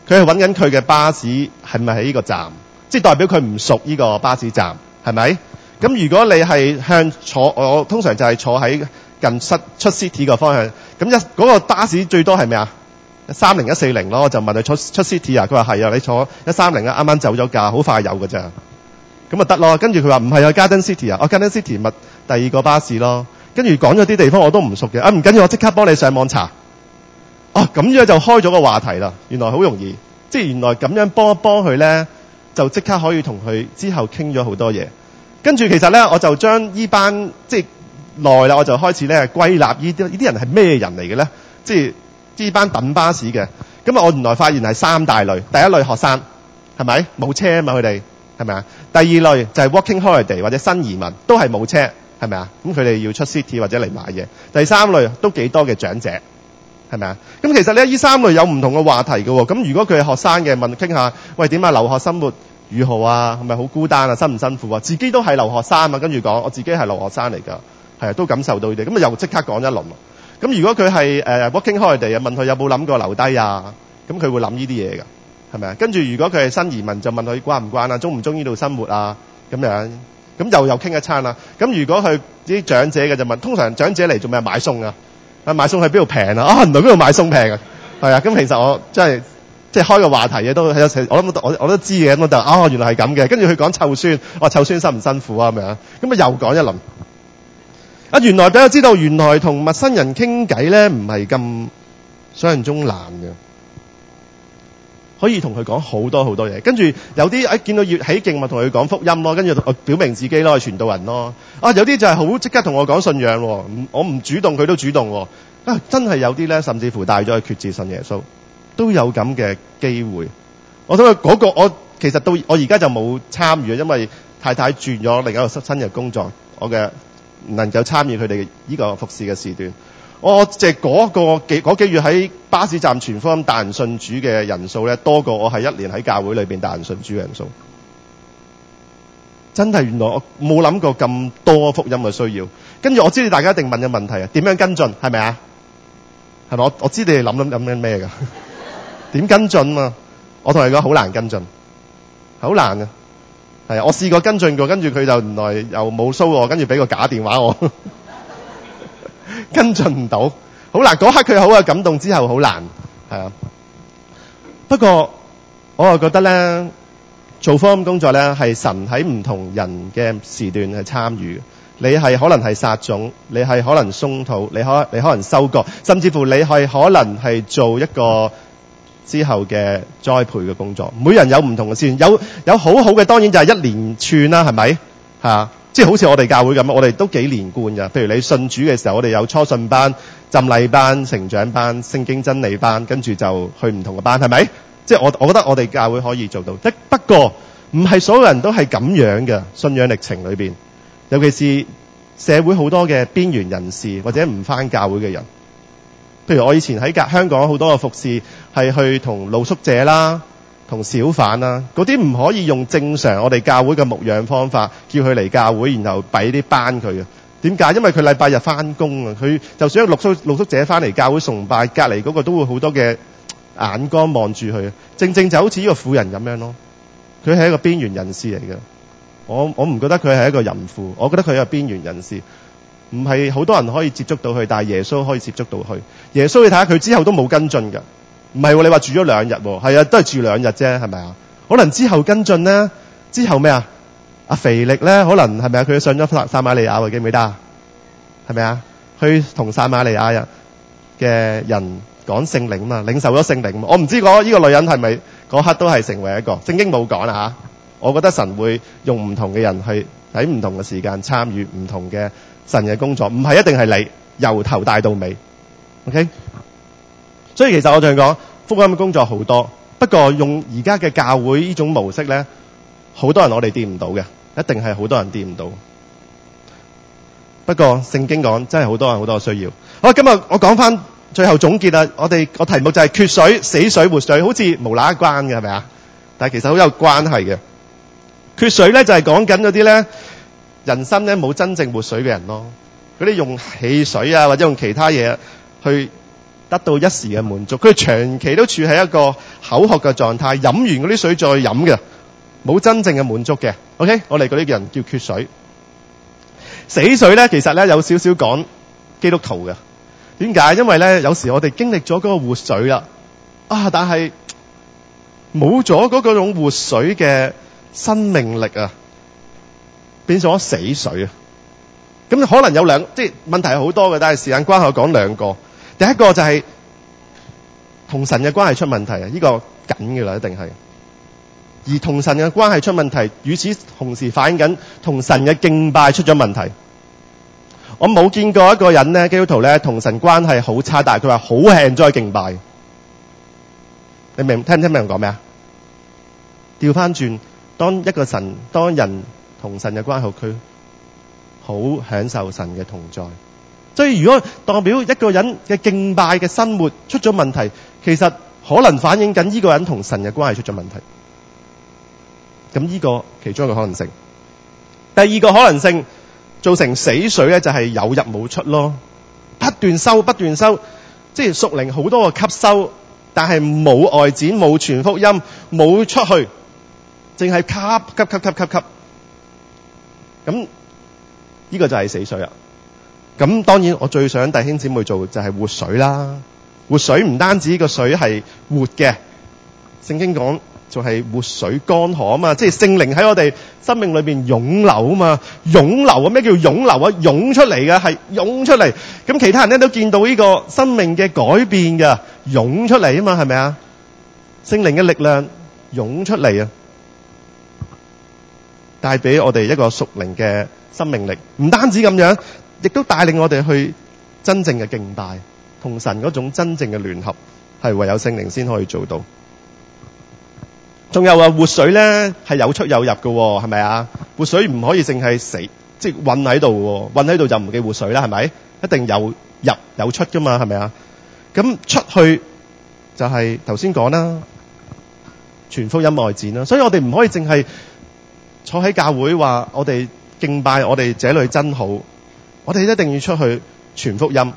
佢係搵緊佢嘅巴士係咪喺呢個站？即係代表佢唔熟呢個巴士站，係咪？咁如果你係向坐，我通常就係坐喺近出出 city 嘅方向。咁一嗰個巴士最多係咩啊？三零一四零咯，140，我就問佢坐出 City 啊，佢話係啊，你坐一三零啊，啱啱走咗架，好快有㗎咋。咁咪得咯。跟住佢話唔係啊，Garden City 啊，我 Garden City 咪第二個巴士咯。跟住講咗啲地方我都唔熟嘅，啊唔緊要，我即刻幫你上網查。哦、啊，咁樣就開咗個話題啦。原來好容易，即係原來咁樣幫一幫佢呢，就即刻可以同佢之後傾咗好多嘢。跟住其實呢，我就將依班即係耐啦，我就開始呢歸納呢啲呢啲人係咩人嚟嘅呢？即係。呢班等巴士嘅，咁啊我原來發現係三大類，第一類學生係咪冇車啊嘛？佢哋係咪啊？第二類就係 working holiday 或者新移民，都係冇車係咪啊？咁佢哋要出 city 或者嚟買嘢。第三類都幾多嘅長者係咪啊？咁其實呢，呢三類有唔同嘅話題嘅喎。咁如果佢係學生嘅，問傾下喂點啊？留學生活如何啊？係咪好孤單啊？辛唔辛苦啊？自己都係留學生啊嘛。跟住講，我自己係留學生嚟㗎，係啊，都感受到佢哋。咁啊，又即刻講一輪。咁如果佢係誒，working holiday 啊，問佢有冇諗過留低啊？咁佢會諗呢啲嘢㗎，係咪啊？跟住如果佢係新移民，就問佢關唔關啊，中唔中意度生活啊？咁樣，咁又又傾一餐啦、啊。咁如果佢啲長者嘅就問，通常長者嚟做咩買餸啊？啊買餸去邊度平啊？啊唔到邊度買餸平啊？係啊，咁其實我真係即係開個話題嘅都有時，我諗我我都知嘅咁就，哦原來係咁嘅。跟住佢講湊孫，話、哦、湊孫辛唔辛苦啊？咁咪咁啊又講一輪。啊！原來比較知道，原來同陌生人傾偈咧，唔係咁想像中難嘅，可以同佢講好多好多嘢、哎。跟住有啲喺見到越起勁，咪同佢講福音咯。跟住表明自己咯，傳道人咯。啊！有啲就係好即刻同我講信仰，我唔主動，佢都主動。啊！真係有啲咧，甚至乎帶咗去決志信耶穌，都有咁嘅機會。我想話嗰個我，我其實到我而家就冇參與，因為太太轉咗另一個新嘅工作。好嘅。能夠參與佢哋呢個服侍嘅時段，我就係、是、嗰、那個幾嗰幾月喺巴士站傳福音、帶人信主嘅人數咧，多過我係一年喺教會裏邊帶人信主嘅人數。真係原來我冇諗過咁多福音嘅需要。跟住我知道大家一定問嘅問題啊，點樣跟進係咪啊？係咪我我知你哋諗諗諗緊咩㗎？點 [laughs] 跟進啊？我同你講好難跟進，好難啊！係啊，我試過跟進過，跟住佢就原來又冇 show 我。跟住俾個假電話我， [laughs] 跟進唔到。好嗱，嗰刻佢好有感動，之後好難，係啊。不過我就覺得呢，做福音工作呢，係神喺唔同人嘅時段去參與。你係可能係撒種，你係可能鬆土，你可你可能收割，甚至乎你係可能係做一個，之後嘅栽培嘅工作，每人有唔同嘅線，有有很好好嘅當然就係一連串啦，係咪？即係好似我哋教會咁，我哋都幾連貫㗎。譬如你信主嘅時候，我哋有初信班、浸禮班、成長班、聖經真理班，跟住就去唔同嘅班，係咪？即係我我覺得我哋教會可以做到。不過唔係所有人都係咁樣嘅信仰歷程裏面，尤其是社會好多嘅邊緣人士或者唔返教會嘅人。譬如我以前喺隔香港好多嘅服侍，係去同露宿者啦、同小販啦，嗰啲唔可以用正常我哋教會嘅牧養方法叫佢嚟教會，然後俾啲班佢啊，點解？因為佢禮拜日翻工啊，佢就算有露宿露宿者翻嚟教會崇拜，隔離嗰個都會好多嘅眼光望住佢啊。正正就好似呢個婦人咁樣咯，佢係一個邊緣人士嚟嘅。我我唔覺得佢係一個淫婦，我覺得佢係一個邊緣人士。唔係好多人可以接觸到佢，但係耶穌可以接觸到佢。耶穌你睇下佢之後都冇跟進噶，唔係，啊、你話住咗兩日係啊，都係住兩日啫，係咪啊？可能之後跟進呢？之後咩啊？阿肥力呢？可能係咪啊？佢上咗撒瑪利亞嘅記唔記得啊？係咪啊？去同撒瑪利亞嘅人講聖靈嘛，領受咗聖靈嘛。我唔知嗰，呢個女人係咪嗰刻都係成為一個聖經冇講啦。吓，我覺得神會用唔同嘅人去喺唔同嘅時間參與唔同嘅。神嘅工作唔係一定係你，由頭帶到尾，OK？所以其實我仲係講，福音嘅工作好多，不過用而家嘅教會呢種模式咧，好多人我哋掂唔到嘅，一定係好多人掂唔到。不過聖經講真係好多人好多需要。好，今日我講翻最後總結啦，我哋個題目就係缺水、死水、活水，好似無哪一關嘅係咪啊？但係其實好有關係嘅。缺水咧就係講緊嗰啲咧。人生咧冇真正活水嘅人咯，嗰啲用汽水啊或者用其他嘢去得到一時嘅滿足，佢哋長期都處喺一個口渴嘅狀態，飲完嗰啲水再飲嘅，冇真正嘅滿足嘅。OK，我哋嗰啲人叫缺水。死水咧，其實咧有少少講基督徒嘅，點解？因為咧有時我哋經歷咗嗰個活水啊，啊，但係冇咗嗰種活水嘅生命力啊。變咗死水啊！咁可能有兩即係問題好多嘅，但係時間關係我講兩個。第一個就係、是、同神嘅關係出問題啊！呢個緊嘅啦，一定係而同神嘅關係出問題，與、這個、此同時反映緊同神嘅敬拜出咗問題。我冇見過一個人咧，基督徒咧，同神關係好差，但係佢話好欠在敬拜。你明聽唔明人講咩啊？調翻轉，當一個神，當人。同神嘅關係好，好享受神嘅同在，所以如果代表一個人嘅敬拜嘅生活出咗問題，其實可能反映緊呢個人同神嘅關係出咗問題。咁呢個其中一個可能性，第二個可能性造成死水咧，就係有入冇出咯，不斷收不斷收，即係屬靈好多個吸收，但係冇外展，冇傳福音，冇出去，淨係吸吸吸吸吸吸。吸吸吸吸咁呢、這個就係死水啦。咁當然我最想弟兄姊妹做就係活水啦。活水唔單止個水係活嘅，聖經講就係活水江河啊嘛，即係聖靈喺我哋生命裏邊湧流啊嘛，湧流啊，咩叫湧流啊？湧出嚟嘅，係湧出嚟。咁其他人咧都見到呢個生命嘅改變㗎，湧出嚟啊嘛，係咪啊？聖靈嘅力量湧出嚟啊！帶俾我哋一個屬靈嘅生命力，唔單止咁樣，亦都帶領我哋去真正嘅敬拜，同神嗰種真正嘅聯合，係唯有聖靈先可以做到。仲有話活水咧，係有出有入嘅喎、哦，係咪啊？活水唔可以淨係死，即係困喺度嘅喎，困喺度就唔叫活水啦，係咪？一定有入有出噶嘛，係咪啊？咁出去就係頭先講啦，全福音外展啦，所以我哋唔可以淨係。坐喺教會話我哋敬拜，我哋這裏真好，我哋一定要出去傳福音，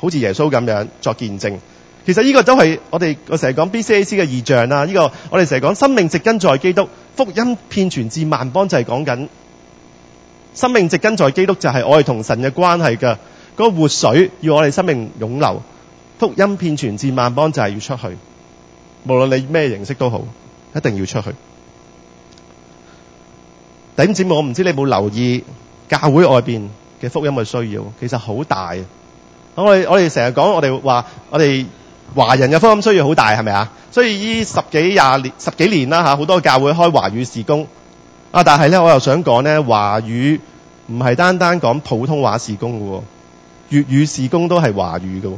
好似耶穌咁樣作見證。其實呢個都係我哋我成日講 B.C.A.C 嘅異象啦。呢個我哋成日講生命植根在基督，福音遍傳至萬邦，就係講緊生命植根在基督，就係我哋同神嘅關係嘅嗰活水要我哋生命湧流，福音遍傳至萬邦就係要出去，無論你咩形式都好，一定要出去。頂節目，我唔知你有冇留意教會外面嘅福音嘅需要，其實好大。咁我哋我哋成日講，我哋話我哋華人嘅福音需要好大，係咪啊？所以依十幾廿年、十幾年啦吓，好多教會開華語事工啊。但係咧，我又想講咧，華語唔係單單講普通話事工嘅喎，粵語事工都係華語㗎喎。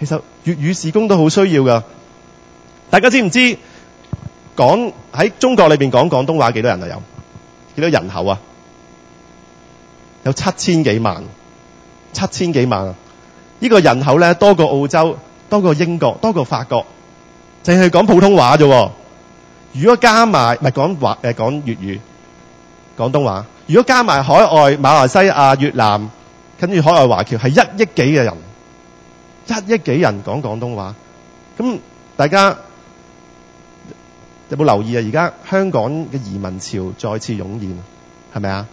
其實粵語事工都好需要㗎。大家知唔知講喺中國裏面講廣東話幾多人啊？有？幾多人口啊？有七千幾萬，七千幾萬啊！呢個人口咧多過澳洲，多過英國，多過法國。淨係講普通話啫。如果加埋咪係講話誒講粵語、廣東話，如果加埋海外馬來西亞、越南，跟住海外華僑，係一億幾嘅人，一億幾人講廣東話。咁大家。有冇留意啊？而家香港嘅移民潮再次湧現，係咪啊？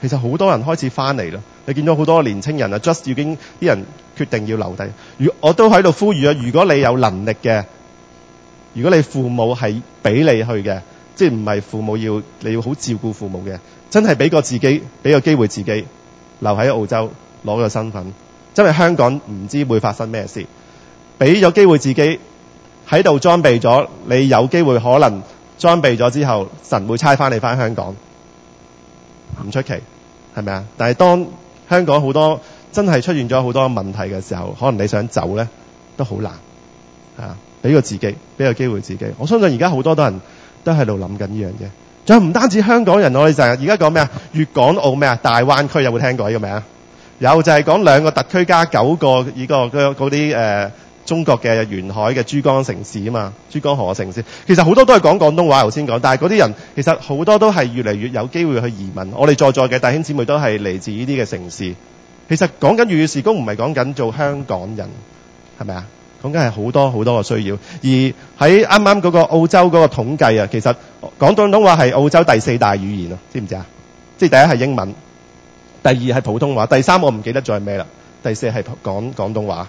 其實好多人開始翻嚟啦。你見到好多年青人啊，just 已經啲人決定要留低。如我都喺度呼籲啊，如果你有能力嘅，如果你父母係俾你去嘅，即係唔係父母要，你要好照顧父母嘅，真係俾個自己，俾個機會自己留喺澳洲攞個身份，真係香港唔知會發生咩事，俾咗機會自己。喺度裝備咗，你有機會可能裝備咗之後，神會差翻你翻香港，唔出奇，係咪啊？但係當香港好多真係出現咗好多問題嘅時候，可能你想走咧都好難，係啊！俾個自己，俾個機會自己。我相信而家好多都人都喺度諗緊呢樣嘢。仲有唔單止香港人，我哋就係而家講咩啊？粵港澳咩啊？大灣區有冇聽過？呢個名？有就係講兩個特區加九個呢、呢個嗰啲誒。中國嘅沿海嘅珠江城市啊嘛，珠江河城市，其實好多都係講廣東話。頭先講，但係嗰啲人其實好多都係越嚟越有機會去移民。我哋在座嘅弟兄姊妹都係嚟自呢啲嘅城市。其實講緊粵語事工唔係講緊做香港人，係咪啊？講緊係好多好多個需要。而喺啱啱嗰個澳洲嗰個統計啊，其實廣東話係澳洲第四大語言啊，知唔知啊？即係第一係英文，第二係普通話，第三我唔記得咗係咩啦，第四係講廣東話。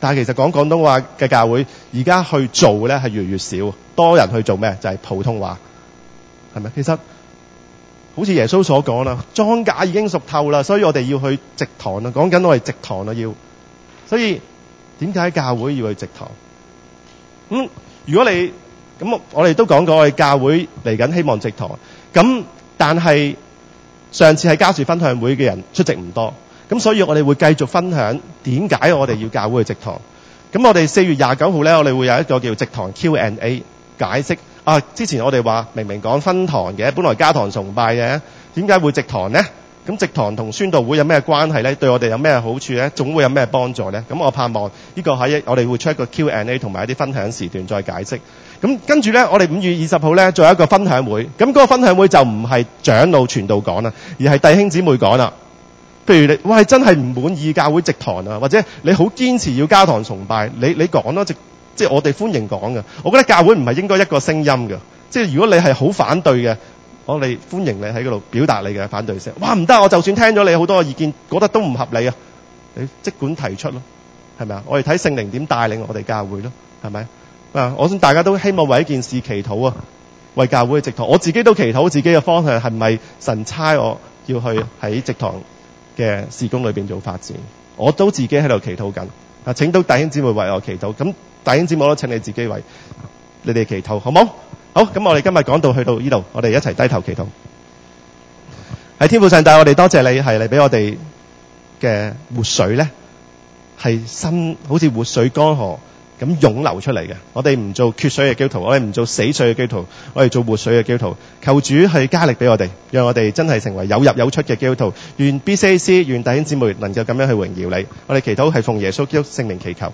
但係其實講廣東話嘅教會而家去做咧，係越嚟越少，多人去做咩？就係、是、普通話，係咪？其實好似耶穌所講啦，莊稼已經熟透啦，所以我哋要去植堂啦。講緊我哋植堂啦要，所以點解教會要去植堂？咁、嗯、如果你咁我哋都講過我哋教會嚟緊希望植堂，咁但係上次喺家事分享會嘅人出席唔多。咁所以，我哋會繼續分享點解我哋要教會去植堂。咁我哋四月廿九號呢，我哋會有一個叫做植堂 Q&A 解釋。啊，之前我哋話明明講分堂嘅，本來加堂崇拜嘅，點解會植堂呢？咁植堂同宣道會有咩關係呢？對我哋有咩好處呢？總會有咩幫助呢？咁我盼望呢個喺我哋會出一個 Q&A 同埋一啲分享時段再解釋。咁跟住呢，我哋五月二十號呢，再有一個分享會。咁嗰個分享會就唔係長老傳道講啦，而係弟兄姊妹講啦。譬如你，我係真係唔滿意教會直堂啊，或者你好堅持要加堂崇拜，你你講咯，即即我哋歡迎講嘅。我覺得教會唔係應該一個聲音嘅，即係如果你係好反對嘅，我哋歡迎你喺嗰度表達你嘅反對聲。哇！唔得，我就算聽咗你好多個意見，覺得都唔合理啊，你即管提出咯，係咪啊？我哋睇聖靈點帶領我哋教會咯，係咪啊？我想大家都希望為一件事祈禱啊，為教會直堂。我自己都祈禱自己嘅方向係咪神差我要去喺直堂。嘅事工裏邊做發展，我都自己喺度祈禱緊。嗱，請到弟兄姊妹為我祈禱，咁弟兄姊妹都請你自己為你哋祈禱，好唔好？好，咁我哋今日講到去到呢度，我哋一齊低頭祈禱。喺天父上帝，我哋多謝，謝你係嚟俾我哋嘅活水咧，係新好似活水江河，咁湧流出嚟嘅，我哋唔做缺水嘅基督徒，我哋唔做死水嘅基督徒，我哋做活水嘅基督徒。求主去加力俾我哋，讓我哋真係成為有入有出嘅基督徒。願 BCC，願弟兄姊妹能夠咁樣去榮耀你。我哋祈禱係奉耶穌基督聖名祈求。